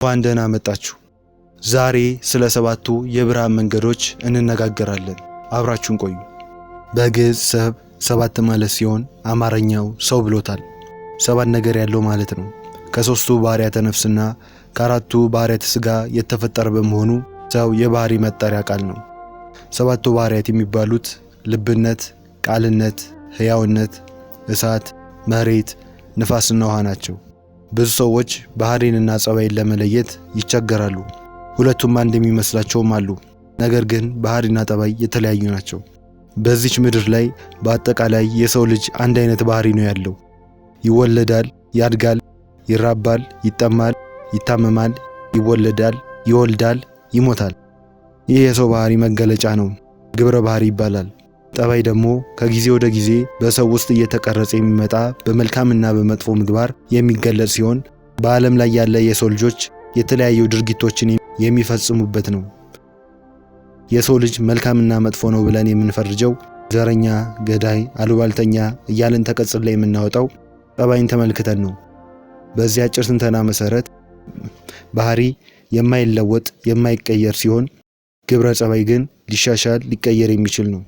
እንኳን ደህና መጣችሁ። ዛሬ ስለ ሰባቱ የብርሃን መንገዶች እንነጋገራለን። አብራችሁን ቆዩ። በግዕዝ ሰብ ሰባት ማለት ሲሆን አማርኛው ሰው ብሎታል። ሰባት ነገር ያለው ማለት ነው። ከሦስቱ ባህርያተ ነፍስና ከአራቱ ባህርያተ ሥጋ የተፈጠረ በመሆኑ ሰው የባህሪ መጠሪያ ቃል ነው። ሰባቱ ባህርያት የሚባሉት ልብነት፣ ቃልነት፣ ሕያውነት፣ እሳት፣ መሬት፣ ንፋስና ውሃ ናቸው። ብዙ ሰዎች ባህሪንና ጸባይን ለመለየት ይቸገራሉ። ሁለቱም አንድ የሚመስላቸውም አሉ። ነገር ግን ባህሪና ጠባይ የተለያዩ ናቸው። በዚች ምድር ላይ በአጠቃላይ የሰው ልጅ አንድ አይነት ባህሪ ነው ያለው። ይወለዳል፣ ያድጋል፣ ይራባል፣ ይጠማል፣ ይታመማል፣ ይወለዳል፣ ይወልዳል፣ ይሞታል። ይህ የሰው ባህሪ መገለጫ ነው። ግብረ ባህሪ ይባላል። ጠባይ ደግሞ ከጊዜ ወደ ጊዜ በሰው ውስጥ እየተቀረጸ የሚመጣ በመልካምና በመጥፎ ምግባር የሚገለጽ ሲሆን በዓለም ላይ ያለ የሰው ልጆች የተለያዩ ድርጊቶችን የሚፈጽሙበት ነው። የሰው ልጅ መልካምና መጥፎ ነው ብለን የምንፈርጀው ዘረኛ፣ ገዳይ፣ አሉባልተኛ እያለን ተቀጽላ የምናወጣው ጠባይን ተመልክተን ነው። በዚህ አጭር ትንተና መሰረት ባህሪ የማይለወጥ የማይቀየር ሲሆን ግብረ ጸባይ ግን ሊሻሻል ሊቀየር የሚችል ነው።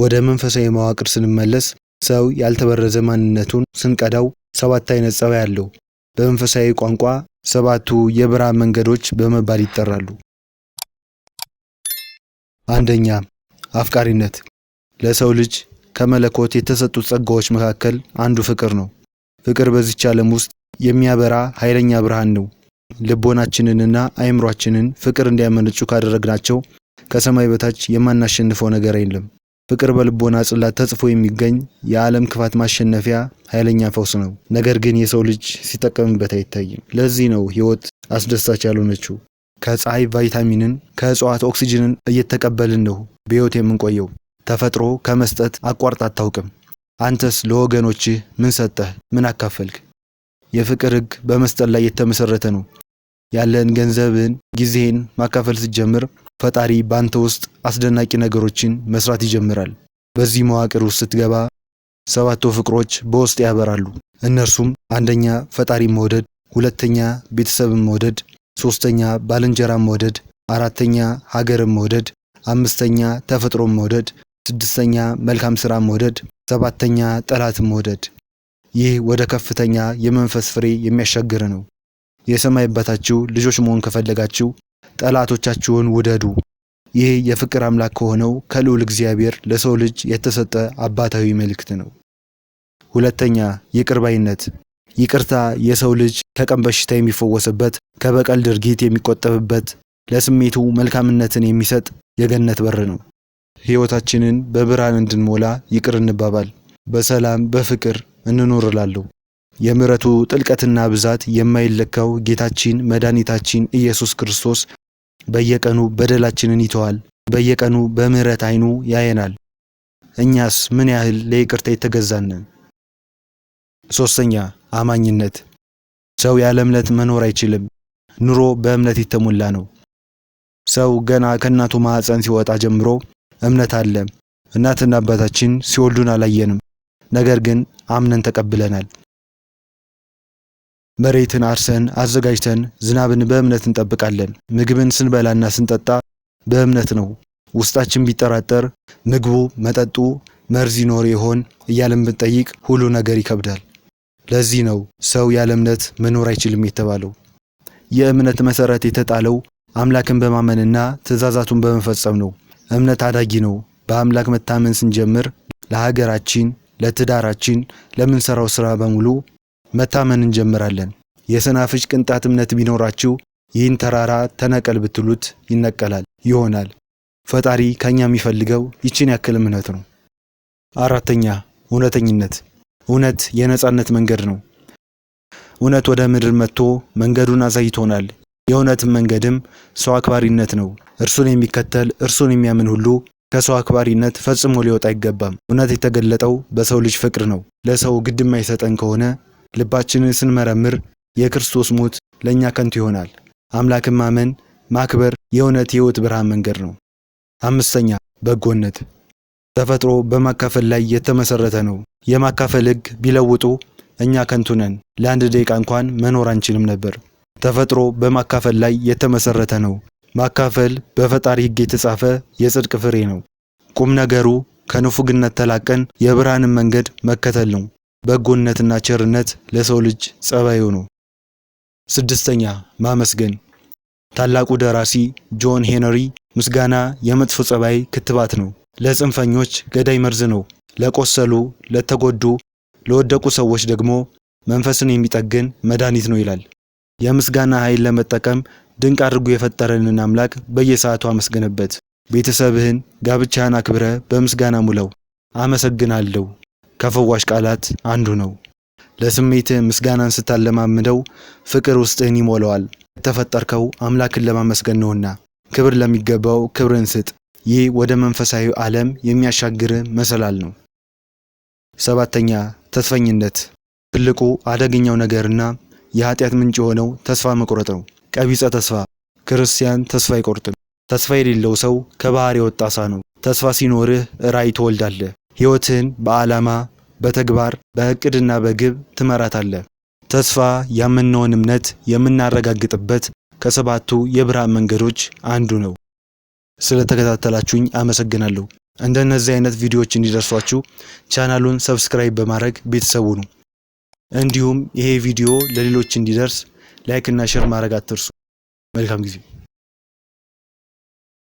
ወደ መንፈሳዊ መዋቅር ስንመለስ ሰው ያልተበረዘ ማንነቱን ስንቀዳው ሰባት አይነት ጸባይ አለው። በመንፈሳዊ ቋንቋ ሰባቱ የብርሃን መንገዶች በመባል ይጠራሉ። አንደኛ አፍቃሪነት። ለሰው ልጅ ከመለኮት የተሰጡት ጸጋዎች መካከል አንዱ ፍቅር ነው። ፍቅር በዚች ዓለም ውስጥ የሚያበራ ኃይለኛ ብርሃን ነው። ልቦናችንንና አእምሯችንን ፍቅር እንዲያመነጩ ካደረግናቸው ከሰማይ በታች የማናሸንፈው ነገር የለም። ፍቅር በልቦና ጽላት ተጽፎ የሚገኝ የዓለም ክፋት ማሸነፊያ ኃይለኛ ፈውስ ነው። ነገር ግን የሰው ልጅ ሲጠቀምበት አይታይም። ለዚህ ነው ሕይወት አስደሳች ያልሆነችው። ከፀሐይ ቫይታሚንን ከእጽዋት ኦክሲጅንን እየተቀበልን ነው በሕይወት የምንቆየው። ተፈጥሮ ከመስጠት አቋርጣ አታውቅም። አንተስ ለወገኖችህ ምን ሰጠህ? ምን አካፈልክ? የፍቅር ሕግ በመስጠት ላይ የተመሰረተ ነው። ያለን ገንዘብን፣ ጊዜህን ማካፈል ስትጀምር ፈጣሪ በአንተ ውስጥ አስደናቂ ነገሮችን መስራት ይጀምራል። በዚህ መዋቅር ውስጥ ስትገባ ሰባቱ ፍቅሮች በውስጥ ያበራሉ። እነርሱም አንደኛ ፈጣሪ መውደድ፣ ሁለተኛ ቤተሰብን መውደድ፣ ሶስተኛ ባልንጀራ መውደድ፣ አራተኛ ሀገርን መውደድ፣ አምስተኛ ተፈጥሮን መውደድ፣ ስድስተኛ መልካም ሥራን መውደድ፣ ሰባተኛ ጠላትን መውደድ። ይህ ወደ ከፍተኛ የመንፈስ ፍሬ የሚያሻግር ነው። የሰማይ አባታችሁ ልጆች መሆን ከፈለጋችሁ ጠላቶቻችሁን ውደዱ። ይህ የፍቅር አምላክ ከሆነው ከልዑል እግዚአብሔር ለሰው ልጅ የተሰጠ አባታዊ መልእክት ነው። ሁለተኛ ይቅርባይነት። ይቅርታ የሰው ልጅ ከቀን በሽታ የሚፈወስበት፣ ከበቀል ድርጊት የሚቆጠብበት፣ ለስሜቱ መልካምነትን የሚሰጥ የገነት በር ነው። ሕይወታችንን በብርሃን እንድንሞላ ይቅር እንባባል። በሰላም በፍቅር እንኖር እላለሁ። የምሕረቱ ጥልቀትና ብዛት የማይለካው ጌታችን መድኃኒታችን ኢየሱስ ክርስቶስ በየቀኑ በደላችንን ይተዋል። በየቀኑ በምሕረት ዓይኑ ያየናል። እኛስ ምን ያህል ለይቅርታ የተገዛን? ሶስተኛ አማኝነት። ሰው ያለ እምነት መኖር አይችልም። ኑሮ በእምነት የተሞላ ነው። ሰው ገና ከእናቱ ማኅፀን ሲወጣ ጀምሮ እምነት አለ። እናትና አባታችን ሲወልዱን አላየንም፣ ነገር ግን አምነን ተቀብለናል። መሬትን አርሰን አዘጋጅተን ዝናብን በእምነት እንጠብቃለን። ምግብን ስንበላና ስንጠጣ በእምነት ነው። ውስጣችን ቢጠራጠር ምግቡ፣ መጠጡ መርዝ ይኖር ይሆን እያለን ብንጠይቅ ሁሉ ነገር ይከብዳል። ለዚህ ነው ሰው ያለ እምነት መኖር አይችልም የተባለው። የእምነት መሰረት የተጣለው አምላክን በማመንና ትእዛዛቱን በመፈጸም ነው። እምነት አዳጊ ነው። በአምላክ መታመን ስንጀምር ለሀገራችን፣ ለትዳራችን፣ ለምንሰራው ስራ በሙሉ መታመን እንጀምራለን። የሰናፍጭ ቅንጣት እምነት ቢኖራችሁ ይህን ተራራ ተነቀል ብትሉት ይነቀላል ይሆናል። ፈጣሪ ከእኛ የሚፈልገው ይችን ያክል እምነት ነው። አራተኛ እውነተኝነት። እውነት የነጻነት መንገድ ነው። እውነት ወደ ምድር መጥቶ መንገዱን አሳይቶናል። የእውነትም መንገድም ሰው አክባሪነት ነው። እርሱን የሚከተል እርሱን የሚያምን ሁሉ ከሰው አክባሪነት ፈጽሞ ሊወጣ አይገባም። እውነት የተገለጠው በሰው ልጅ ፍቅር ነው። ለሰው ግድ የማይሰጠን ከሆነ ልባችንን ስንመረምር የክርስቶስ ሞት ለእኛ ከንቱ ይሆናል። አምላክን ማመን ማክበር የእውነት የሕይወት ብርሃን መንገድ ነው። አምስተኛ በጎነት ተፈጥሮ በማካፈል ላይ የተመሰረተ ነው። የማካፈል ሕግ ቢለውጡ እኛ ከንቱ ነን፣ ለአንድ ደቂቃ እንኳን መኖር አንችልም ነበር። ተፈጥሮ በማካፈል ላይ የተመሰረተ ነው። ማካፈል በፈጣሪ ሕግ የተጻፈ የጽድቅ ፍሬ ነው። ቁም ነገሩ ከንፉግነት ተላቀን የብርሃንን መንገድ መከተል ነው። በጎነትና ቸርነት ለሰው ልጅ ጸባዩ ነው። ስድስተኛ ማመስገን። ታላቁ ደራሲ ጆን ሄነሪ ምስጋና የመጥፎ ጸባይ ክትባት ነው፣ ለጽንፈኞች ገዳይ መርዝ ነው፣ ለቆሰሉ፣ ለተጎዱ፣ ለወደቁ ሰዎች ደግሞ መንፈስን የሚጠግን መድኃኒት ነው ይላል። የምስጋና ኃይል ለመጠቀም ድንቅ አድርጎ የፈጠረንን አምላክ በየሰዓቱ አመስግንበት። ቤተሰብህን፣ ጋብቻህን አክብረ በምስጋና ሙለው። አመሰግናለሁ ከፈዋሽ ቃላት አንዱ ነው። ለስሜት ምስጋናን ስታለማምደው ፍቅር ውስጥህን ይሞላዋል። የተፈጠርከው አምላክን ለማመስገን ነውና ክብር ለሚገባው ክብርን ስጥ። ይህ ወደ መንፈሳዊ ዓለም የሚያሻግር መሰላል ነው። ሰባተኛ ተስፈኝነት፣ ትልቁ አደገኛው ነገርና የኃጢአት ምንጭ የሆነው ተስፋ መቁረጥ ነው። ቀቢጸ ተስፋ፣ ክርስቲያን ተስፋ አይቆርጥም። ተስፋ የሌለው ሰው ከባህር የወጣ ዓሳ ነው። ተስፋ ሲኖርህ ራይ ትወልዳለህ። ሕይወትን በዓላማ በተግባር በእቅድና በግብ ትመራታለህ። ተስፋ ያመነውን እምነት የምናረጋግጥበት ከሰባቱ የብርሃን መንገዶች አንዱ ነው። ስለተከታተላችሁኝ አመሰግናለሁ። እንደነዚህ አይነት ቪዲዮዎች እንዲደርሷችሁ ቻናሉን ሰብስክራይብ በማድረግ ቤተሰቡ ነው። እንዲሁም ይሄ ቪዲዮ ለሌሎች እንዲደርስ ላይክ እና ሼር ማድረግ አትርሱ። መልካም ጊዜ